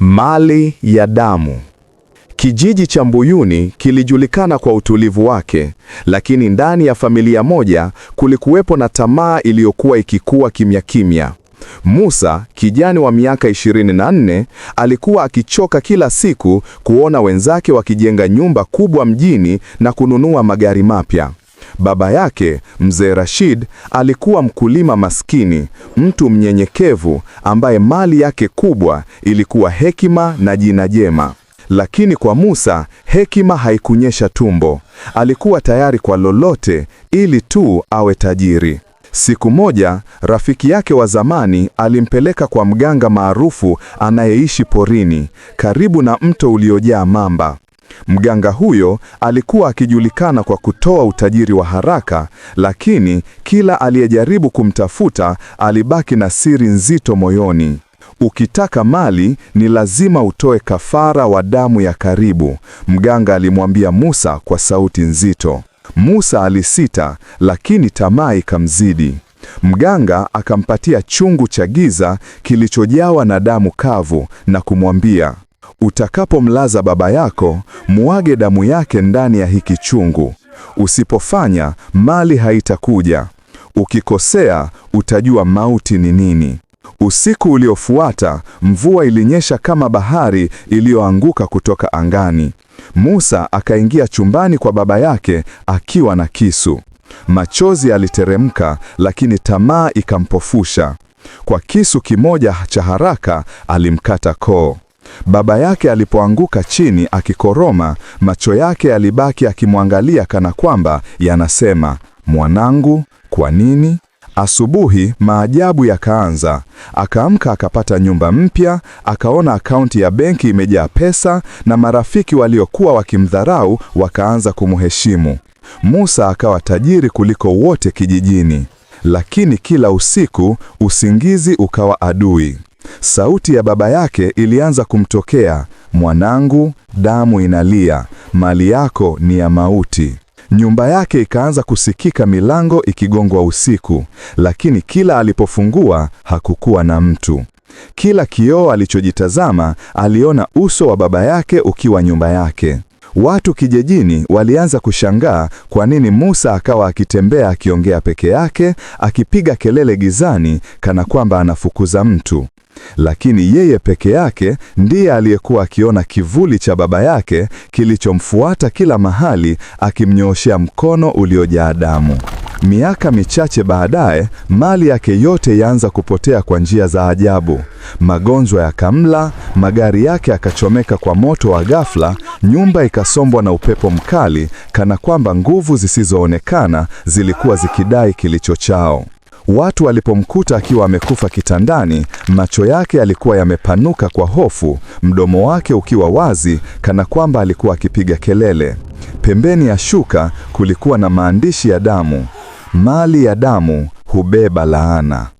Mali ya damu. Kijiji cha Mbuyuni kilijulikana kwa utulivu wake, lakini ndani ya familia moja kulikuwepo na tamaa iliyokuwa ikikua kimya kimya. Musa, kijana wa miaka 24, alikuwa akichoka kila siku kuona wenzake wakijenga nyumba kubwa mjini na kununua magari mapya. Baba yake mzee Rashid alikuwa mkulima maskini, mtu mnyenyekevu ambaye mali yake kubwa ilikuwa hekima na jina jema. Lakini kwa Musa hekima haikunyesha tumbo. Alikuwa tayari kwa lolote ili tu awe tajiri. Siku moja rafiki yake wa zamani alimpeleka kwa mganga maarufu anayeishi porini karibu na mto uliojaa mamba. Mganga huyo alikuwa akijulikana kwa kutoa utajiri wa haraka, lakini kila aliyejaribu kumtafuta alibaki na siri nzito moyoni. Ukitaka mali ni lazima utoe kafara wa damu ya karibu, mganga alimwambia Musa kwa sauti nzito. Musa alisita, lakini tamaa ikamzidi. Mganga akampatia chungu cha giza kilichojawa na damu kavu na kumwambia, Utakapomlaza baba yako, muage damu yake ndani ya hiki chungu. Usipofanya, mali haitakuja. Ukikosea, utajua mauti ni nini. Usiku uliofuata mvua ilinyesha kama bahari iliyoanguka kutoka angani. Musa akaingia chumbani kwa baba yake akiwa na kisu. Machozi aliteremka, lakini tamaa ikampofusha. Kwa kisu kimoja cha haraka alimkata koo. Baba yake alipoanguka chini akikoroma, macho yake yalibaki akimwangalia kana kwamba yanasema, mwanangu, kwa nini? Asubuhi maajabu yakaanza. Akaamka akapata nyumba mpya, akaona akaunti ya benki imejaa pesa, na marafiki waliokuwa wakimdharau wakaanza kumheshimu. Musa akawa tajiri kuliko wote kijijini, lakini kila usiku usingizi ukawa adui. Sauti ya baba yake ilianza kumtokea, mwanangu, damu inalia, mali yako ni ya mauti. Nyumba yake ikaanza kusikika milango ikigongwa usiku, lakini kila alipofungua hakukuwa na mtu. Kila kioo alichojitazama aliona uso wa baba yake ukiwa nyumba yake. Watu kijijini walianza kushangaa kwa nini Musa akawa akitembea akiongea peke yake, akipiga kelele gizani kana kwamba anafukuza mtu lakini yeye peke yake ndiye aliyekuwa akiona kivuli cha baba yake kilichomfuata kila mahali, akimnyooshea mkono uliojaa damu. Miaka michache baadaye, mali yake yote yaanza kupotea kwa njia za ajabu. Magonjwa yakamla, magari yake yakachomeka kwa moto wa ghafla, nyumba ikasombwa na upepo mkali, kana kwamba nguvu zisizoonekana zilikuwa zikidai kilicho chao. Watu walipomkuta akiwa amekufa kitandani, macho yake yalikuwa yamepanuka kwa hofu, mdomo wake ukiwa wazi kana kwamba alikuwa akipiga kelele. Pembeni ya shuka kulikuwa na maandishi ya damu. Mali ya damu hubeba laana.